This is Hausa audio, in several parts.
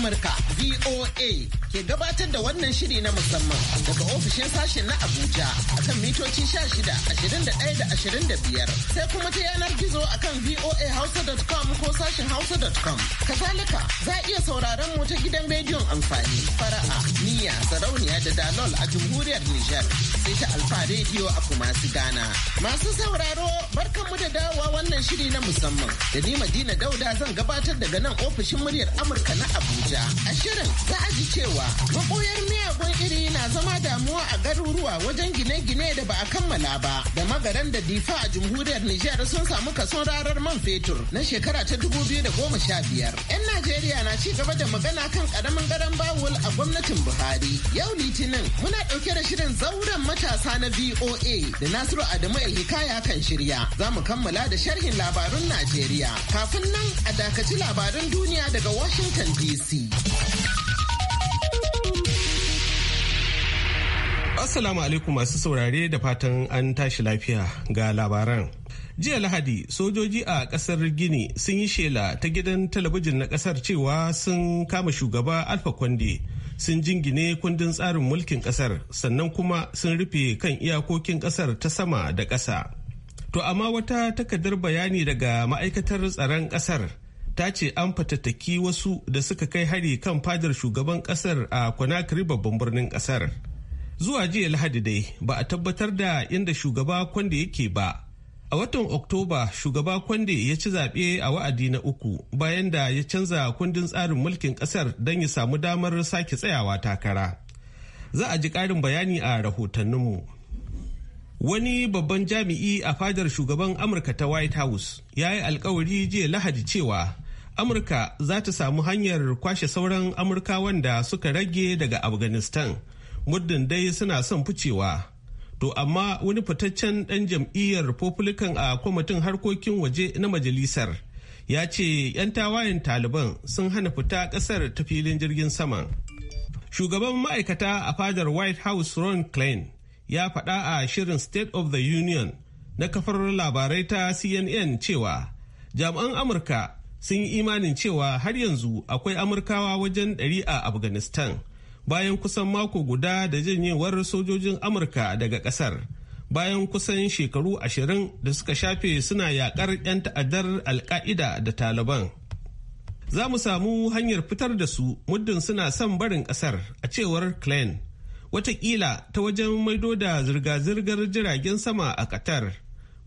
Amurka VOA ke gabatar da wannan shiri na musamman daga ofishin sashen na Abuja a akan mitoci 16, 21 da 25 sai kuma ta yanar gizo a akan voahausa.com ko sashen hausa.com. Kazalika za a iya sauraron mu ta gidan rediyon amfani fara'a niyya sarauniya da dalol a jamhuriyar Nijar sai ta alfa rediyo a kumasi Ghana. Masu sauraro barkanmu da dawowa wannan shiri na musamman da ni Madina Dauda zan gabatar daga nan ofishin muryar Amurka na Abuja. A shirin za a ji cewa rayuwa. Makoyar miyagun iri na zama damuwa a garuruwa wajen gine-gine da ba a kammala ba da magaran da difa a Jumhuriyar Nijar sun samu kason rarar man fetur na shekara ta dubu biyu da goma sha biyar. 'Yan Najeriya na ci gaba da magana kan karamin garan bawul a gwamnatin Buhari. Yau Litinin muna ɗauke da shirin zauren matasa na VOA da Nasiru Adamu hikaya kan shirya. Za mu kammala da sharhin labarun Najeriya. Kafin nan a dakaci labarun duniya daga Washington DC. Assalamu alaikum masu saurare da fatan an tashi lafiya ga labaran. Jiya Lahadi, sojoji a ƙasar Gini sun yi shela ta gidan talabijin na ƙasar cewa sun kama shugaba Alfa Kwande, sun jingine kundin tsarin mulkin ƙasar, sannan kuma sun rufe kan iyakokin ƙasar ta sama da ƙasa. To amma wata takardar bayani daga ma'aikatar tsaron ƙasar ta ce an fatattaki wasu da suka kai hari kan fadar shugaban ƙasar a Conakry babban birnin kasar. zuwa jiya lahadi dai ba a tabbatar da inda shugaba kwande yake ba a watan oktoba shugaba kwande ya ci zaɓe a wa'adi na uku bayan da ya canza kundin tsarin mulkin ƙasar don ya samu damar sake tsayawa takara za a ji ƙarin bayani a rahotanninmu wani babban jami'i a fadar shugaban amurka ta white house ya yi alkawari jiya lahadi cewa amurka za ta samu hanyar kwashe sauran amurkawan da suka rage daga afghanistan muddin dai suna son ficewa to amma wani fitaccen ɗan jam'iyyar republican a kwamitin harkokin waje na majalisar ya ce 'yan tawayen taliban sun hana fita ƙasar ta filin jirgin saman shugaban ma'aikata a fadar white house ron klein ya faɗa a shirin state of the union na kafar labarai ta cnn cewa jami'an amurka sun yi imanin cewa har yanzu akwai amurkawa wajen ɗari a afghanistan bayan kusan mako guda da janyewar sojojin amurka daga kasar bayan kusan shekaru ashirin da suka shafe suna yakar 'yan ta'addar alka'ida da taliban za mu samu hanyar fitar da su muddin suna son barin kasar a cewar klein watakila ta wajen maido da zirga-zirgar jiragen sama a qatar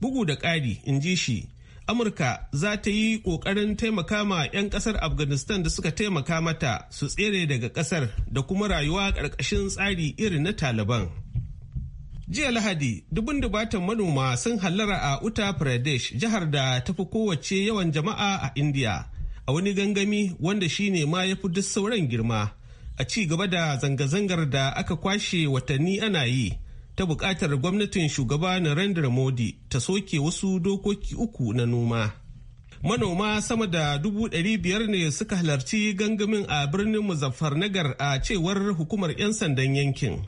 bugu da ƙari in ji shi amurka za ta yi ƙoƙarin taimaka ma 'yan ƙasar afghanistan da suka taimaka mata su tsere daga ƙasar da kuma rayuwa ƙarƙashin tsari irin na taliban jiya lahadi dubun dubatan manoma sun hallara a uttar pradesh jihar da ta fi kowace yawan jama'a a india a wani gangami wanda shi ne ma ya fi duk sauran girma a ci gaba da zanga-zangar da aka kwashe watanni ana yi ta buƙatar gwamnatin shugaba Narendra Modi ta soke wasu dokoki uku na noma. Manoma sama da dubu ɗari biyar ne suka halarci gangamin a birnin Nagar a cewar hukumar 'yan sandan yankin.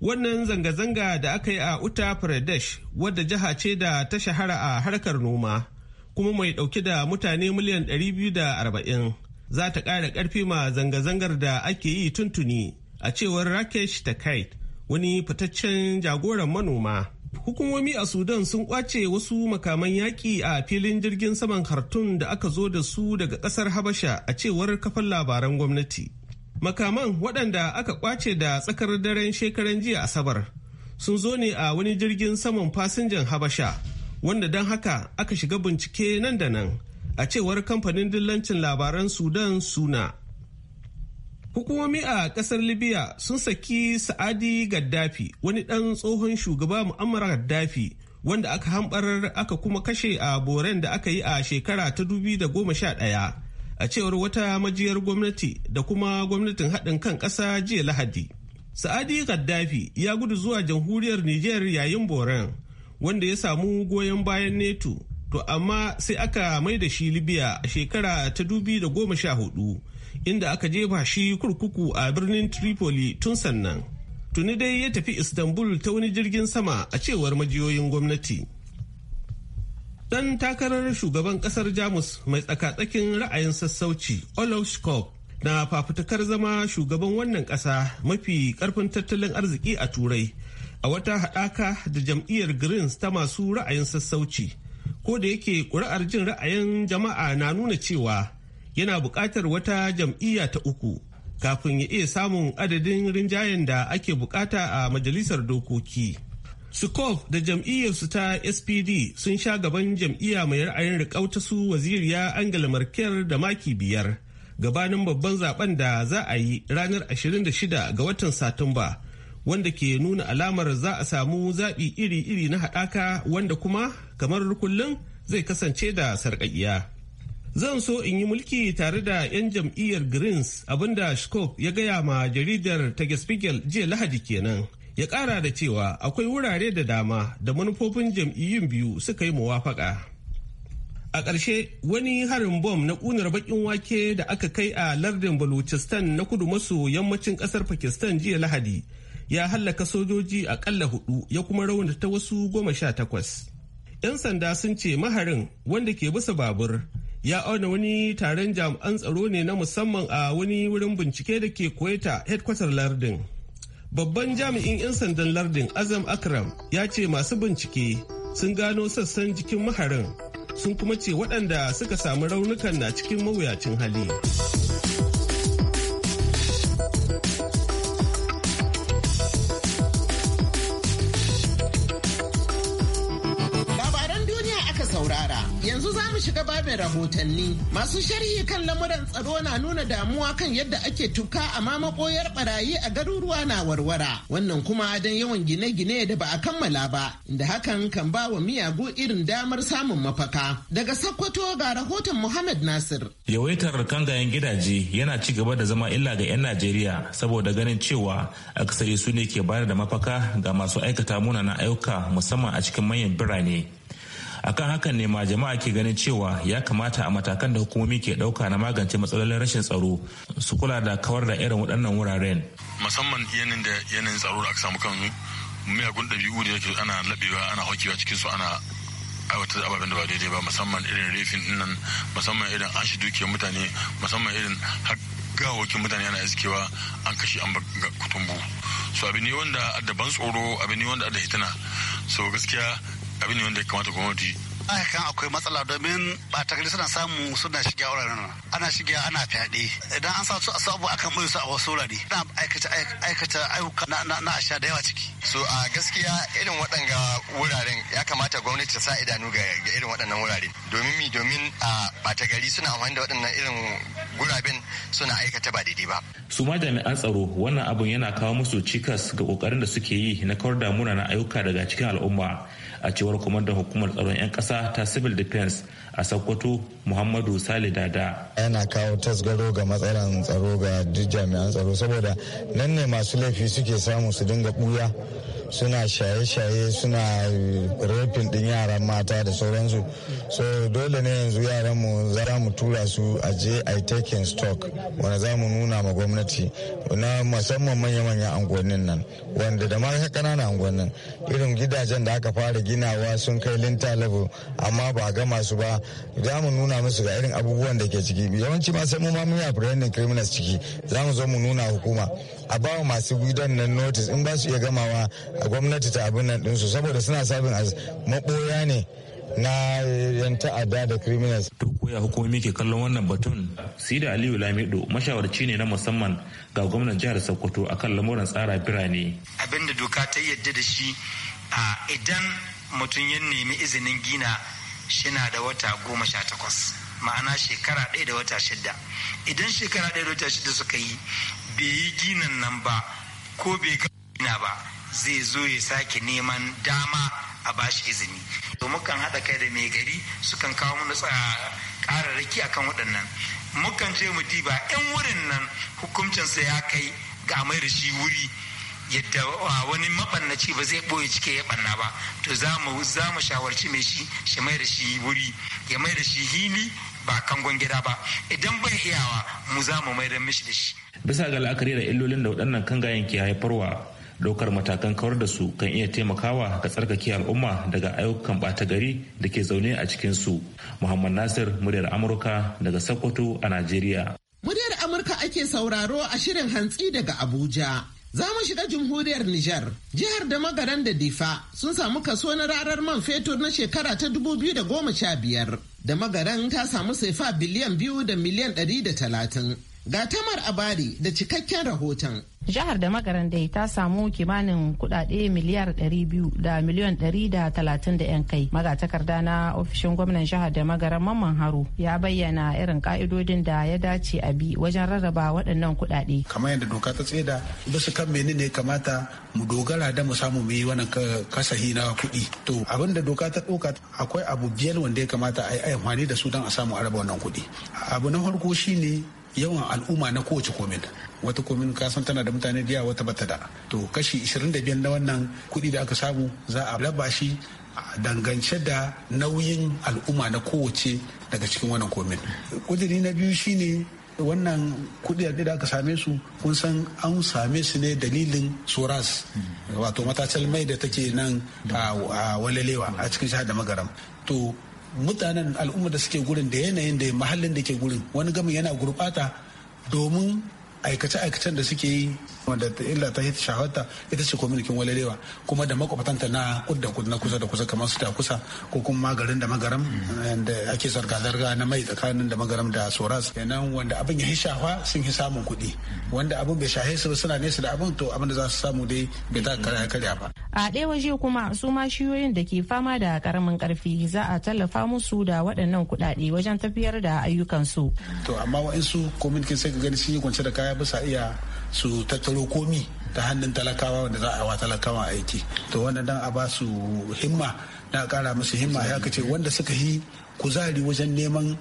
Wannan zanga-zanga da aka yi a Uttar Pradesh wadda jiha ce da ta shahara a harkar noma kuma mai ɗauke da mutane miliyan biyu 240 za ta ƙara ƙarfi ma zanga-zangar da ake yi tuntuni a cewar Rakesh Takait wani fitaccen jagoran manoma. Hukumomi a Sudan sun kwace wasu makaman yaƙi a filin jirgin saman Khartoum da aka zo da su daga ƙasar Habasha a cewar kafan labaran gwamnati. Makaman waɗanda aka kwace da tsakar daren shekaran jiya Asabar sun zo ne a wani jirgin saman fasinjan Habasha wanda don haka aka shiga bincike nan da nan a cewar kamfanin dillancin labaran Sudan Suna. Hukumomi a kasar Libya sun saki Sa'adi Gaddafi, wani ɗan tsohon shugaba Muammar Gaddafi, wanda aka hambarar aka kuma kashe a boren da aka yi a shekara ta da goma sha ɗaya, a cewar wata majiyar gwamnati da kuma gwamnatin haɗin kan ƙasa jiya Lahadi. Sa'adi Gaddafi ya gudu zuwa jamhuriyar Nijar yayin boren, wanda ya samu goyon bayan neto, to amma sai aka mai da shi Libya a shekara ta da goma sha hudu. inda aka jefa shi kurkuku a birnin Tripoli tun sannan. Tuni dai ya tafi Istanbul ta wani jirgin sama a cewar majiyoyin gwamnati. Dan takarar shugaban kasar Jamus mai tsakatsakin ra'ayin sassauci Olaf Schock na fafutukar zama shugaban wannan kasa mafi karfin tattalin arziki a Turai a wata haɗaka da jam'iyyar Greens ta masu ra'ayin sassauci. Ko da yake ƙuri'ar jin ra'ayin jama'a na nuna cewa yana buƙatar wata jam'iyya ta uku kafin ya iya samun adadin rinjayen da ake buƙata a majalisar dokoki. Sukov da jam'iyyarsu ta SPD sun sha gaban jam'iyya mai ra'ayin rikauta su waziriya Angela Merkel da maki biyar gabanin babban zaben da za a yi ranar 26 ga watan Satumba wanda ke nuna alamar za a samu zaɓi iri-iri na haɗaka wanda kuma kamar kullum zai kasance da sarƙaƙiya. zan so in yi mulki tare da 'yan jam'iyyar greens abinda scope ya gaya ma jaridar ta tagespiegel jiya lahadi kenan ya kara da cewa akwai wurare da dama da manufofin jam'iyyun biyu suka yi muwafaka a ƙarshe wani harin bom na ƙunar baƙin wake da aka kai a lardin balochistan na kudu maso yammacin ƙasar pakistan jiya lahadi ya hallaka sojoji aƙalla hudu ya kuma raunata wasu goma sha takwas 'yan sanda sun ce maharin wanda ke bisa babur ya auna wani taron jami'an tsaro ne na musamman a wani wurin bincike da ke kuwaita headquarter lardin babban jami'in 'yan sandan lardin azam akram ya ce masu bincike sun gano sassan jikin maharin sun kuma ce waɗanda suka samu raunukan na cikin mawuyacin hali. da rahotanni. Masu sharhi kan lamuran tsaro na nuna damuwa kan yadda ake tuka a makoyar barayi a garuruwa na warwara. Wannan kuma don yawan gine-gine da ba a kammala ba, inda hakan kan ba wa miyagu irin damar samun mafaka. Daga sakkwato ga rahoton Muhammad Nasir. Yawaitar kangayen gidaje yana ci gaba da zama illa ga 'yan Najeriya saboda ganin cewa aksari su ne ke bada da mafaka ga masu aikata munanan ayyuka musamman a cikin manyan birane. akan hakan ne ma jama'a ke ganin cewa ya kamata a matakan da hukumomi ke dauka na magance matsalolin rashin tsaro su kula da kawar da irin waɗannan wuraren musamman yanin da yanayin tsaro da aka samu kan miyagun ɗabi'u da yake ana labewa ana hokewa cikin su ana aiwatar da ababen da ba daidai ba musamman irin refin dinnan musamman irin ashi duke mutane musamman irin gawokin mutane ana iskewa an kashe an kutumbu so abin ne wanda daban tsoro abin ne wanda da hituna so gaskiya abin ne wanda ya kamata gwamnati kan akwai matsala domin ba takardar suna samu suna shiga wuraren ana shiga ana fyaɗe idan an sa su a sabu akan bai su a wasu wurare na aikata aikata ayyuka na sha da yawa ciki so a gaskiya irin waɗanga wuraren ya kamata gwamnati ta sa idanu ga irin waɗannan wurare domin mi domin a bata gari suna amfani da waɗannan irin guraben suna aikata ba daidai ba su ma jami'an tsaro wannan abun yana kawo musu cikas ga kokarin da suke yi na kawar damuna na ayyuka daga cikin al'umma a cewar kwamandan hukumar tsaron 'yan kasa ta civil defense a sokoto muhammadu sale dada yana kawo tasgaro ga matsalan tsaro ga duk jami'an tsaro saboda nan ne masu laifi suke samu su dinga buya suna shaye-shaye suna eh, rafin din yaran mata da sauransu so dole ne yanzu yaran mu za mu tura su a je a taking stock wanda za mu nuna ma gwamnati na musamman manya-manyan angonin nan wanda da ma kanana angonin irin gidajen da aka fara ginawa sun kai linta level amma ba ga su ba za mu nuna musu ga irin abubuwan da ke ciki yawanci ma sai mu ma mun yi criminals ciki za mu zo mu nuna hukuma a bawa masu gidan nan notice in ba su iya gamawa a gwamnati ta abin nan dinsu saboda suna sabin maƙoya maɓoya ne na yan ta'adda da criminals. To koya hukumomi ke kallon wannan batun? Sida Aliyu Lamido mashawarci ne na musamman ga gwamnan jihar Sokoto akan lamuran tsara birane. abinda da doka ta yadda da shi idan mutum ya nemi izinin gina shina da wata goma sha takwas ma'ana shekara ɗaya da wata shida idan shekara ɗaya da wata shida suka yi bai yi ginin nan ba ko bai gina ba zai zo ya sake neman dama a bashi izini to mukan haɗa kai da mai gari sukan kawo mu ƙararraki akan waɗannan mukan ce mu diba yan wurin nan hukuncinsa ya kai ga mai da wuri yadda wani mabannaci ba zai ɓoye cike ya ɓanna ba to za mu shawarci mai shi shi mai da wuri ya mai da hili ba kangon gida ba idan bai iyawa mu za mu mai da mishi da bisa ga la'akari da illolin da waɗannan kangayen ke haifarwa ɗaukar matakan kawar da su kan iya taimakawa ga tsarkake al'umma daga ayyukan ɓata gari da ke zaune a cikin su muhammad nasir muryar amurka daga sokoto a najeriya muryar amurka ake sauraro a shirin hantsi daga abuja za mu shiga jamhuriyar Nijar. Jihar da magaran da Difa sun samu kaso na ranar man fetur na shekara ta 2015. da magaran ta samu saifa biliyan biyu da miliyan ɗari da talatin. Ga tamar abari da cikakken rahoton. jihar da magaran dai ta samu kimanin kudade miliyar 200 da miliyan 130 da 'yan kai magatakarda na ofishin gwamnan jihar da magaran mamman haro ya bayyana irin ka'idodin da ya dace a bi wajen rarraba waɗannan kudade kamar yadda doka ta tseda bisa kan menene kamata mu dogara da mu samu mu yi wannan kasahi na kuɗi to abin da doka ta ɗauka akwai abu biyar wanda ya kamata a yi amfani da su don a samu araba wannan kuɗi abu na farko shine yawan al'umma na kowace komin wata komin kasan tana da mutane da yawa wata bata da to kashi 25 na wannan kuɗi da aka samu za a raba shi dangance da nauyin al'umma na kowace daga cikin wannan komin kudiri na biyu shine wannan kudi da aka same su kun san an same su ne dalilin soras wato matacal mai da take nan a walalewa a cikin shahar da magaram to mutanen al'umma da suke gurin da yanayin da mahallin da ke gurin wani gami yana gurɓata domin aikace-aikacen da suke yi wanda ta illa ta hita shahawarta ita ce kwamitin walalewa kuma da makwabtanta na kudda na kusa da kusa kamar su ta kusa ko kuma garin da magaram da ake zarga-zarga na mai tsakanin da magaram da soras kenan wanda abin ya shafa sun yi samun kuɗi wanda abin bai shahe su suna nesa da abin to abin da za su samu dai bai ta karya karya ba a ɗaya waje kuma su ma shiyoyin da ke fama da karamin karfi za a tallafa musu da waɗannan kuɗaɗe wajen tafiyar da ayyukansu to amma wa'insu su kominikin sai ka gani sun yi kwance da kaya bisa iya su tattaro komi ta hannun talakawa wanda za a wa talakawa aiki to wannan dan a ba su himma na kara musu himma ya kace wanda suka yi kuzari wajen neman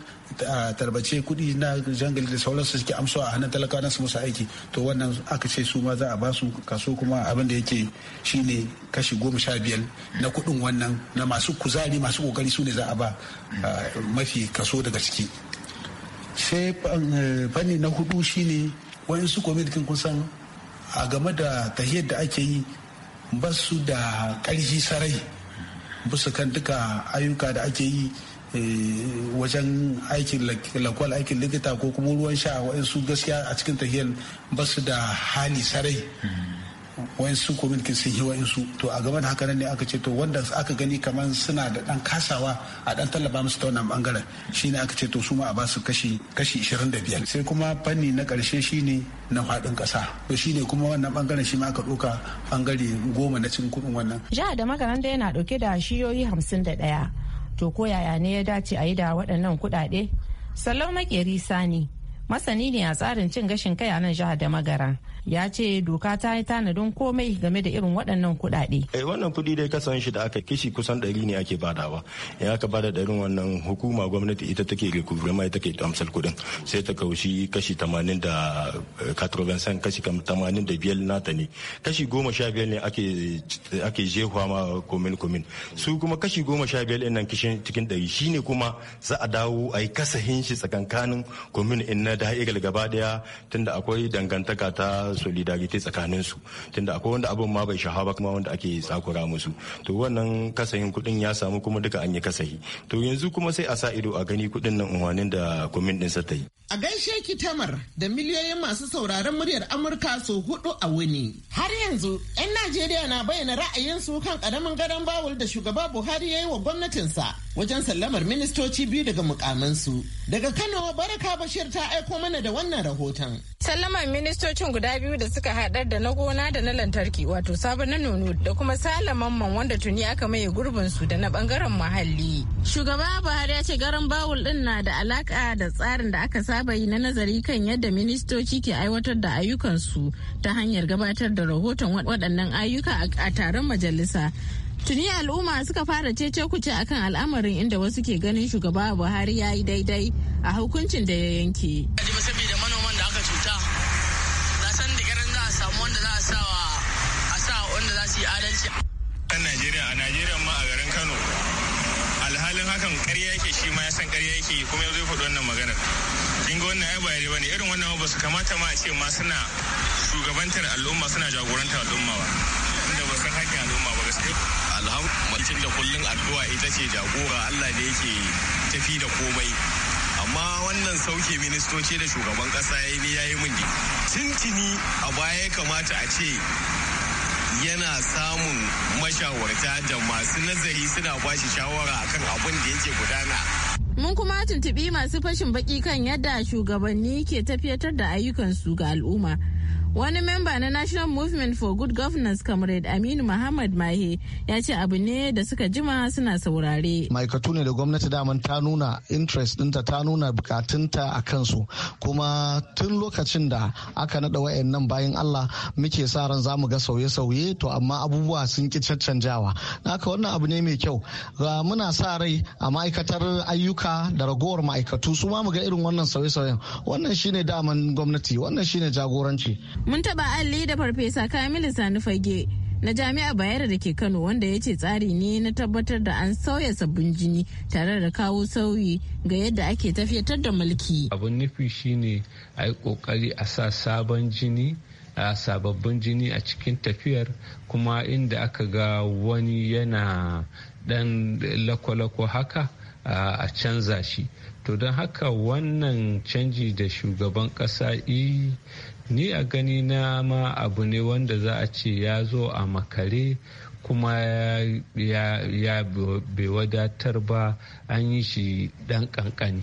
tarbace kudi na jangali da sauransu suke amsa a hannun talakawa su musu aiki to wannan aka ce su ma za a ba su kaso kuma abin da yake shine kashi goma sha biyar na kudin wannan na masu kuzari masu kokari su ne za a ba mafi kaso daga ciki sai eh, fanni na hudu shine waɗansu kwamitin kusan a game da tahiyar da ake yi ba su da ƙarfi sarai bisa kan duka ayyuka da ake yi eh, wajen aikin lakwal aikin likita ko kuma ruwan sha waɗansu gaskiya a cikin tahiyar ba su da hali sarai wayansu community sun yi wayansu to a gaba da haka nan ne aka ce to wanda aka gani kamar suna da dan kasawa a dan tallaba musu ta wannan bangaren shine aka ce to su ma a basu kashi kashi 25 sai kuma fanni na karshe shine na fadin kasa to shine kuma wannan bangaren shi ma aka doka bangare goma na cikin kudin wannan jiha da makaranta yana dauke da shiyoyi 51 to ko yaya ne ya dace a yi da waɗannan kuɗaɗe sallau makeri sani masani ne a tsarin cin gashin kai a nan jihar da magara ya ce doka ta yi tanadin komai game da irin waɗannan kuɗaɗe. eh wannan kuɗi dai kasan shi da aka kishi kusan ɗari ne ake badawa in aka bada ɗarin wannan hukuma gwamnati ita take ma ita take amsar kuɗin sai ta kaushi kashi tamanin da eh, katrobansan kashi tamanin da biyar nata ne kashi goma sha biyar ne ake jehuwa ma komin komin su kuma kashi goma sha biyar ɗin nan kishin cikin ɗari shine kuma za a dawo a yi kasahin shi tsakankanin komin in na ta igal gaba daya tunda akwai dangantaka ta solidarity tsakanin su tunda akwai wanda abin ma bai shahaba kuma wanda ake tsakura musu to wannan kasayin kuɗin ya samu kuma duka an yi kasahi to yanzu kuma sai a sa ido a gani kuɗin nan unwanin da kumin ɗin sa ta yi A gaishe ki tamar da miliyoyin masu sauraron muryar Amurka su hudu a wuni. Har yanzu, 'yan Najeriya na bayyana ra'ayinsu kan karamin gadon bawul da shugaba Buhari ya yi wa gwamnatinsa wajen sallamar ministoci biyu daga mukamansu. Daga Kano, Baraka Bashir ta aiko mana da wannan rahoton. Sallaman ministocin guda biyu da suka haɗar da na gona da na lantarki wato sabon na nono da kuma salaman wanda tuni aka maye gurbin su da na bangaren muhalli. Shugaba Buhari ya ce garin bawul din na da alaka da tsarin da aka saba yi na nazari kan yadda ministoci ke aiwatar da ayyukan su ta hanyar gabatar da rahoton waɗannan ayyuka a taron majalisa. Tuni al'umma suka fara cece kuce akan al'amarin inda wasu ke ganin shugaba Buhari ya yi daidai a hukuncin da ya yanke. ƙarya yake kuma ya zo faɗi wannan maganar kin ga wannan ai ba yare bane irin wannan ba su kamata ma a ce ma suna shugabantar al'umma suna jagorantar al'umma ba inda ba san hakkin al'umma ba gaskiya alhamdulillah da kullun addu'a ita ce jagora Allah ne yake tafi da komai amma wannan sauke ministoci da shugaban kasa ya ni yayi min ne tintini a baya kamata a ce yana samun mashawarta da masu nazari suna bashi shawara akan abin da yake gudana Mun kuma tuntuɓi masu fashin baki kan yadda shugabanni ke tafiyatar da ayyukansu ga al'umma. Wani memba na National Movement for Good Governance Comrade Aminu Muhammad Mahe ya ce abu ne da suka jima suna saurare. Ma'aikatu ne da gwamnati daman ta nuna interest dinta ta nuna bukatunta a kansu kuma tun lokacin da aka naɗa nan bayan Allah muke sa ran za mu ga sauye-sauye to amma abubuwa sun ki caccanjawa. Naka wannan abu ne mai kyau. Muna sa rai a ma'aikatar ayyuka da ragowar ma'aikatu su ma mu ga irin wannan sauye-sauyen. Wannan shine daman gwamnati wannan shine jagoranci. mun taɓa alli da farfesa kamilu sani fage na jami'a bayero da ke kano wanda ya ce tsari ne na tabbatar da an sauya sabbin jini tare da kawo sauyi ga yadda ake tafiyatar da mulki abun nufi shine a yi kokari a sa sabon jini a sababbin jini a cikin tafiyar kuma inda aka ga wani yana dan lakwalakwa haka a canza shi to don haka wannan canji da shugaban kasa yi ni a gani na ma abu ne wanda za a ce ya zo a makare kuma ya bai wadatar ba an yi shi dan kankani.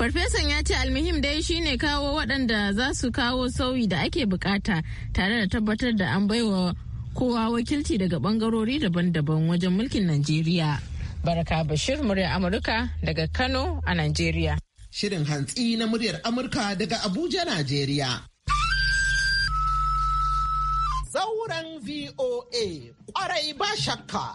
farfesan ya ce almihim dai shine kawo waɗanda za su kawo sauyi da ake bukata tare da tabbatar da an baiwa kowa wakilci daga bangarori daban-daban wajen mulkin najeriya baraka bashir murya amurka daga kano a najeriya shirin hantsi na muryar amurka daga abuja najeriya zauren VOA. Kwarai ba shakka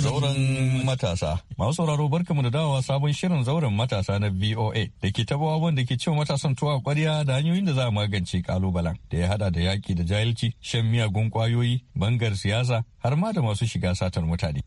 zauren matasa. Masu sauraro barkamu da dawowa sabon shirin zauren matasa na VOA da ke taba da ke cewa matasan tuwa kwarya da hanyoyin da za a magance kalubalen da ya hada da yaki da jahilci, shan miyagun kwayoyi, bangar siyasa har ma da masu shiga satar mutane.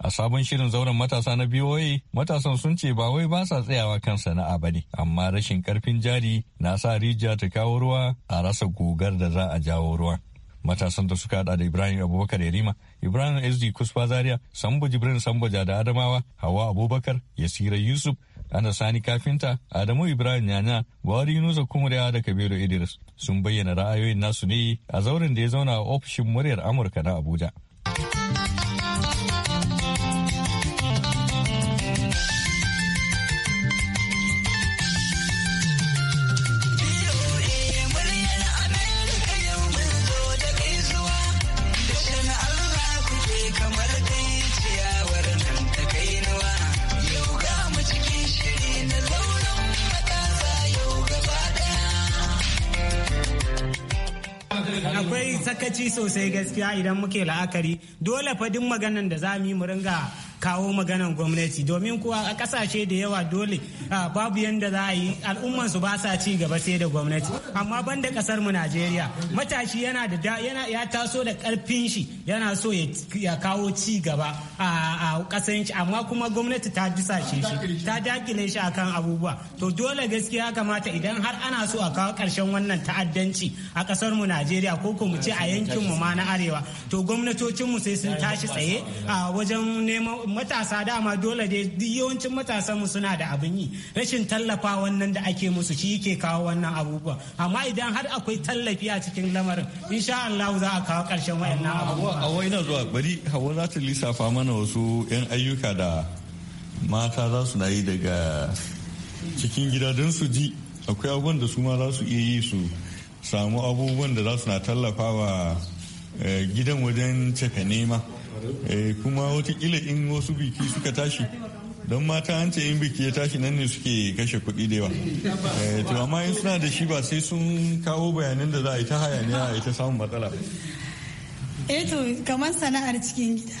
A sabon shirin zauren matasa na BOA, matasan sun ce ba wai ba sa tsayawa kan sana'a ba ne, amma rashin karfin jari na sa rijiya ta kawo ruwa a rasa gugar da za a jawo ruwan. matasan da suka hada da ibrahim abubakar yarima ibrahim sd kusfa zaria sambo jibrin sambo da adamawa hawa abubakar yasira yusuf ana sani kafinta adamu ibrahim yanya buhari yunusa kumuriya da kabiru idris sun bayyana ra'ayoyin nasu ne a zauren da ya zauna a ofishin muryar amurka na abuja sakaci sosai gaskiya idan muke la'akari dole fa duk maganan da za mu yi mu ringa kawo maganan gwamnati domin kuwa a kasashe da yawa dole babu yadda za a yi al'umman su ba sa ci gaba sai da gwamnati amma banda kasar mu Najeriya matashi yana da yana ya taso da karfin shi yana so ya kawo ci gaba a kasan shi amma kuma gwamnati ta dusashe shi ta dakile shi akan abubuwa to dole gaskiya kamata idan har ana so a kawo karshen wannan ta'addanci a kasar mu Najeriya ko ko mu ce a yankin mu ma na arewa to gwamnatocin mu sai sun tashi tsaye a wajen neman matasa dama dole dai duk yawancin matasanmu suna da abin yi rashin tallafa wannan da ake musu shi ke kawo wannan abubuwa amma idan har akwai tallafi a cikin lamarin insha Allah za a kawo karshen wayannan abubuwa a wai zuwa bari hawa za ta lissafa mana wasu yan ayyuka da mata za su yi daga cikin gida don su ji akwai abubuwan da su ma za su iya yi su samu abubuwan da za su na tallafawa eh, gidan wajen cefane nema. eh kuma watakila in wasu biki suka tashi don mata an ce in biki ya tashi nan ne suke kashe kuɗi da yawa eh, to amma in suna da shi ba sai sun kawo bayanan da za a yi ta hayaniya a yi ta samun matsala eh to kamar sana'ar cikin gida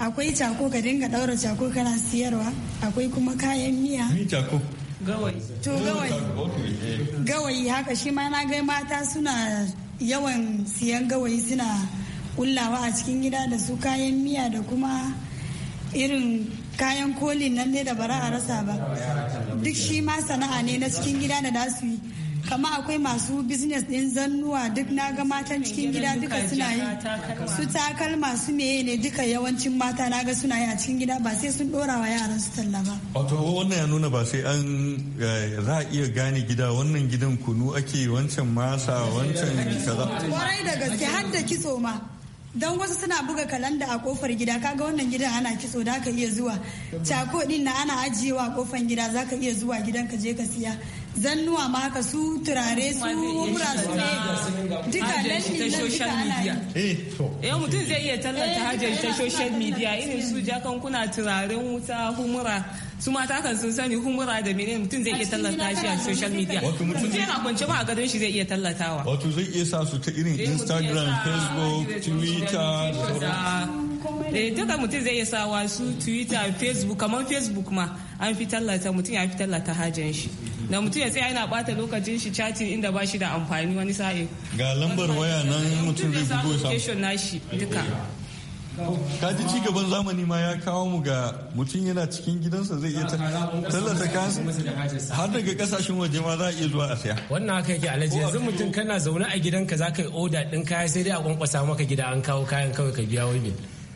akwai cako ka dinga ɗaura cako kana siyarwa akwai kuma kayan miya ni cako gawayi to gawayi eh. gawayi haka shi ma na ga mata suna yawan siyan gawayi suna kullawa a cikin gida da su kayan miya da kuma irin kayan kolin nan ne da bara a rasa ba duk shi ma sana'a ne na cikin gida da za su yi kama akwai masu business din zannuwa duk na ga matan cikin gida duka suna yi su takalma su meye ne duka yawancin mata na ga suna yi a cikin gida ba sai sun dora wa yaran su talla ba wato wannan ya nuna ba sai an eh, za a iya gane gida wannan gidan kunu ake wancan masa wancan kaza kwarai da gaske har da kitso ma don wasu suna buga kalanda a kofar gida kaga wannan gidan ana kitso da ka iya zuwa cako din na ana ajiyewa a kofar gida za ka iya zuwa gidan ka je ka siya zannuwa ma haka su turare su mura duka ne na duka social media eh, eh mutum zai iya tallata eh, hajjar ta social media irin su jakan kuna turaren wuta humura su mata kan sun sani humura da mene mutum zai iya tallata shi a social media. Mutum yana kwance ba a gadon shi zai iya tallatawa. Wato zai iya sa su ta irin eh, Instagram, Facebook, Twitter da ya eh, duka mutum zai iya sawa su twitter facebook kamar facebook ma an fi tallata mutum ya fi tallata hajjan shi da mutum ya tsaya yana bata lokacin shi chatin inda ba shi da amfani wani sa'i ga lambar waya nan mutum zai bugo na shi duka kaji ci gaban zamani ma ya kawo mu ga mutum yana cikin gidansa zai iya tallata kansa har daga kasashen waje ma za a iya zuwa a saya wannan haka yake alhaji yanzu mutum kana zaune a gidanka za ka yi oda din kaya sai dai a kwankwasa maka gida an kawo kayan kawai ka biya wai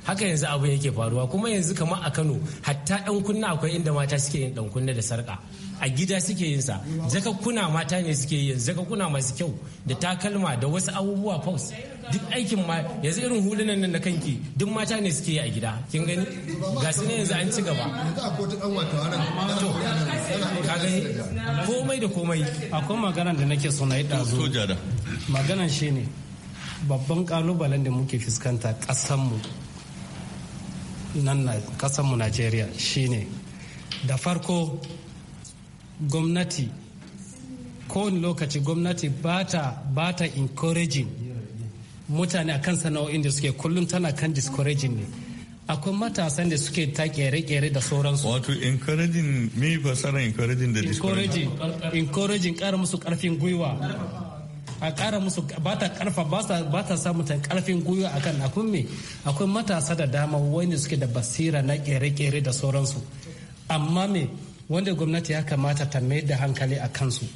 haka yanzu abu yake faruwa kuma yanzu kamar a kano hatta dan kunna akwai inda mata suke yin dan kunna da sarka a gida suke yin sa jaka kuna mata ne suke yin kuna masu kyau da takalma da wasu abubuwa faus duk aikin ma yanzu irin hulunan nan na kanki duk mata ne suke yi a gida kin gani ga su ne yanzu an ci gaba komai da komai akwai maganar da nake so na yi dazu maganar shine babban kalubalen da muke fuskanta kasanmu nan na kasanmu najeriya shine da farko gwamnati kowane lokaci gwamnati ba ta encouraging mutane a kan sana'o'in da suke kullum tana kan discouraging ne akwai matasan da suke ta kere-kere da sauransu wato encouraging me fasara encouraging da discouraging encouraging kara musu karfin gwiwa a ƙara musu ba ta ƙarfa ba ta ƙarfin gwiwa akan akwai me akwai matasa da dama wani suke da basira na ƙere-ƙere da sauransu amma me wanda gwamnati ya kamata ta mai da hankali a kansu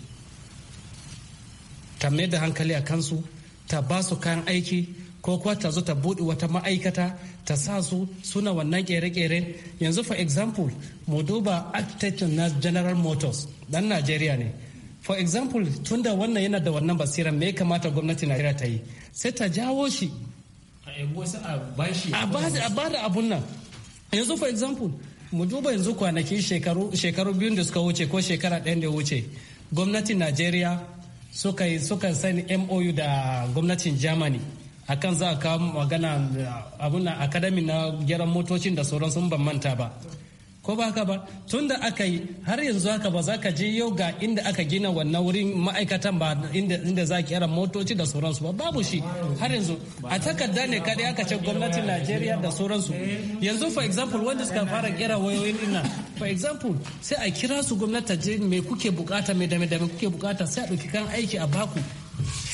ta mai da hankali a kansu ta ba su kayan aiki ko kuwa ta zo ta buɗe wata ma'aikata ta sa su suna wannan ƙere ƙere yanzu for example mu duba architecture na general motors dan najeriya ne for example tunda wannan yana da wannan basira me ya kamata gwamnati najeriya ta yi sai ta jawo shi a ba da abun nan yanzu for example mu duba yanzu kwanaki shekaru biyun da suka wuce ko shekara ɗayan da wuce gwamnatin najeriya suka yi suka sani mou da gwamnatin germany akan za a kawo magana eh, abun na academy na gyaran motocin da sauran sun ban manta ba ko ba haka ba tun da aka yi har yanzu haka ba za ka je yau ga inda aka gina wannan wurin ma'aikatan ba inda za ki yara motoci da sauransu ba babu shi har yanzu a takarda ne kadai aka ce gwamnatin najeriya da sauransu yanzu for example wanda suka fara kera wayoyin ina for example sai a kira su gwamnati je me kuke bukata me dame dame kuke bukata sai a ɗauki kan aiki a baku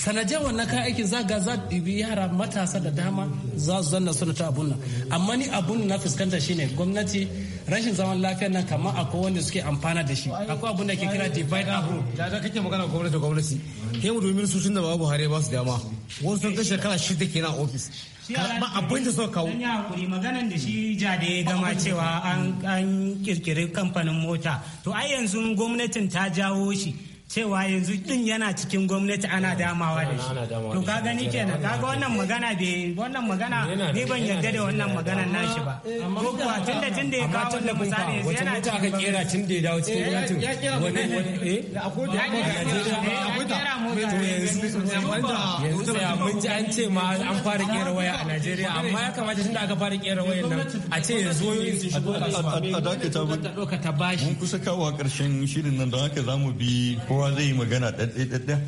sanadiyar wannan kayan aikin za ga za ɗibi yara matasa da dama za su zanna suna ta abun nan amma ni abun na fuskanta shine gwamnati rashin zaman lafiyar nan kamar akwai wanda suke amfana da shi akwai abun da ke kira divide and rule da da kake magana gwamnati gwamnati ke mu domin su da babu hare ba su dama wasu sun kashe kala shida na ofis ba abun da suka kawo ya hakuri maganan da shi ja da ya gama cewa an kirkiri kamfanin mota to ai yanzu gwamnatin ta jawo shi cewa yanzu din yana cikin gwamnati ana damawa da shi to ka gani kenan kaga wannan magana be wannan magana ni ban yarda da wannan maganar nashi ba ko kuwa tun da ya kawo da misali yanzu yana wata aka kera tun da ya dawo cikin gwamnati wani eh akwai da akwai da yanzu yanzu ya mutu an ce ma an fara kera waya a Najeriya amma ya kamata da aka fara kera wayan nan a ce yanzu yin shi shigo a dakata mun kusa kawo karshen shirin nan don haka zamu bi kowa zai yi magana ɗaɗɗaɗɗa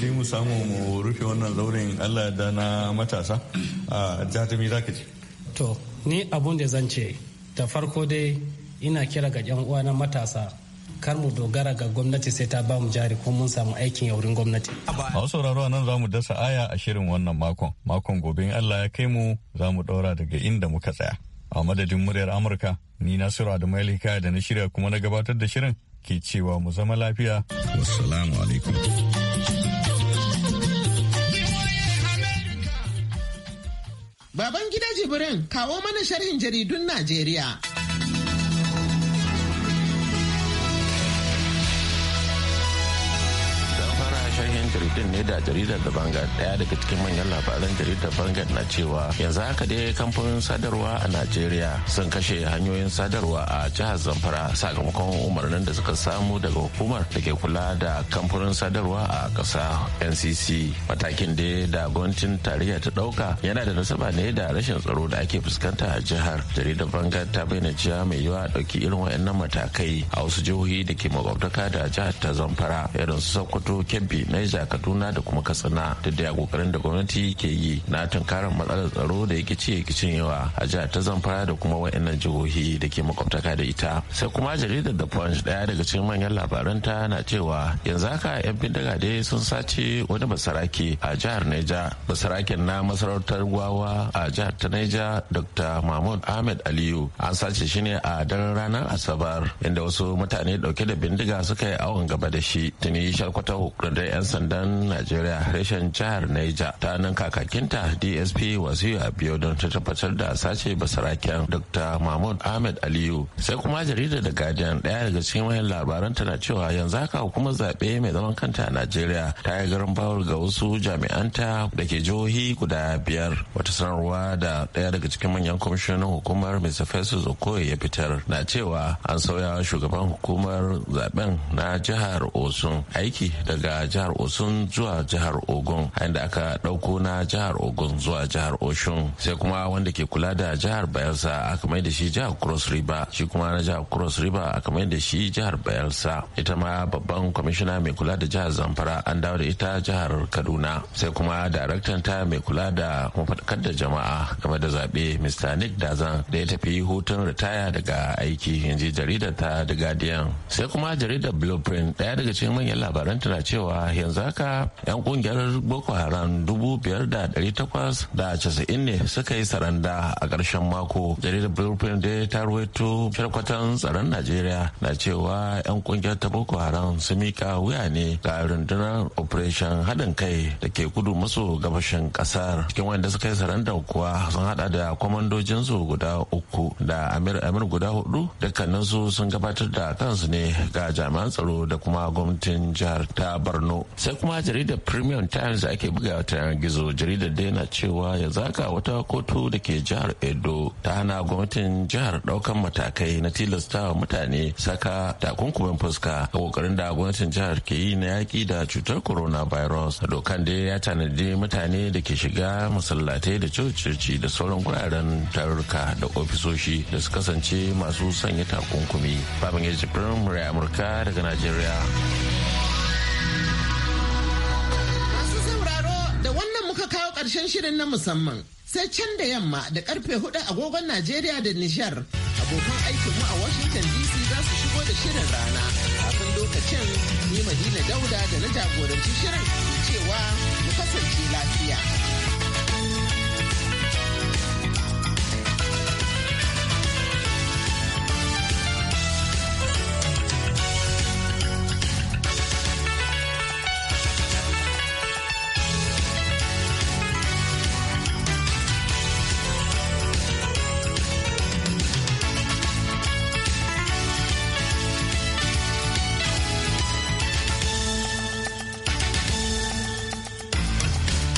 sai mu samu mu rufe wannan zauren allah da na matasa a jatumi za ka ce to ni abun da zan ce ta farko dai ina kira ga yan uwa na matasa kar mu dogara ga gwamnati sai ta ba mu jari ko mun samu aikin yaurin gwamnati. A wasu sauraro nan za mu dasa aya a shirin wannan makon. Makon gobe Allah ya kai mu za mu ɗaura daga inda muka tsaya. A madadin muryar Amurka, ni Nasiru Adamu Alika da na shirya kuma na gabatar da shirin ke cewa mu zama lafiya. Wassalamu alaikum. Baban gida Jibrin kawo mana sharhin jaridun Najeriya. din ne da jaridar da banga daya daga cikin manyan labaran jaridar bangar na cewa yanzu haka dai kamfanin sadarwa a najeriya sun kashe hanyoyin sadarwa a jihar zamfara sakamakon umarnin da suka samu daga hukumar da ke kula da kamfanin sadarwa a ƙasa ncc matakin da da gwamnatin tarayya ta dauka yana da nasaba ne da rashin tsaro da ake fuskanta a jihar jaridar banga ta bayyana cewa mai yiwa dauki irin waɗannan matakai a wasu jihohi da ke makwabtaka da jihar ta zamfara irin su sokoto kebbi niger kaduna da kuma katsina duk da kokarin da gwamnati ke yi na tunkarar matsalar tsaro da rikici kicin yawa a jihar ta zamfara da kuma waɗannan jihohi da ke makwabtaka da ita sai kuma jaridar da punch daya daga cikin manyan labaranta na cewa yanzu haka yan bindiga dai sun sace wani basarake a jihar neja basaraken na masarautar gwawa a jihar ta neja dr mahmud ahmed aliyu an sace shi ne a daren ranar asabar inda wasu mutane dauke da bindiga suka yi awon gaba da shi tuni shakwatar hukumar 'yan sandan tsaron najeriya reshen jihar naija ta nan kakakinta dsp wasu biyo don ta tabbatar da sace basaraken dr mahmud ahmed aliyu sai kuma jaridar da guardian daya daga cikin wayan labaran tana cewa yanzu haka hukumar zaɓe mai zaman kanta a najeriya ta yi garin bawar ga wasu jami'anta da ke jihohi guda biyar wata sanarwa da ɗaya daga cikin manyan kwamishinan hukumar mr festus okoye ya fitar na cewa an sauya shugaban hukumar zaben na jihar osun aiki daga jihar osun zuwa jihar ogun inda aka ɗauko na jihar ogun zuwa jihar oshun sai kuma wanda ke kula da jihar bayelsa aka mai da shi jihar cross river shi kuma na jihar cross river aka mai da shi jihar bayelsa ita ma babban kwamishina mai kula da jihar zamfara an dawo da ita jihar kaduna sai kuma daraktan ta mai kula da mafadakar da jama'a game da zaɓe mr nick dazan da ya tafi hutun ritaya daga aiki yanzu jaridar ta the guardian sai kuma jaridar blueprint ɗaya daga cikin manyan labaran tana cewa yanzu haka 'yan kungiyar boko haram da casa'in ne suka yi saranda a ƙarshen mako jaridar blueprint da ta ruwaito sharkwatan tsaron najeriya na cewa 'yan kungiyar ta boko haram sun mika wuya ne ga rundunar operation haɗin kai da ke kudu maso gabashin ƙasar cikin wanda suka yi saranda kuwa sun haɗa da kwamandojinsu guda uku da amir amir guda hudu su sun gabatar da kansu ne ga jami'an tsaro da kuma gwamnatin jihar ta borno sai kuma A jaridar premium times ake buga ta yanar gizo jaridar da yana cewa ya zaka wata kotu da ke jihar edo ta hana gwamnatin jihar daukan matakai na tilastawa mutane saka takunkumin fuska a kokarin da gwamnatin jihar ke yi na yaki da cutar coronavirus dokan da ya tanadi mutane da ke shiga masallatai da cocirci da sauran guraren tarurruka da ofisoshi da su kasance masu sanya takunkumi babin yaji jibirin amurka daga najeriya karshen shirin na musamman sai can da yamma da karfe hudu agogon Najeriya da Nijar. Abokan aikin mu a Washington DC za su shigo da shirin rana. Kafin lokacin ni Madina Dauda da na jagoranci shirin cewa mu kasance lafiya.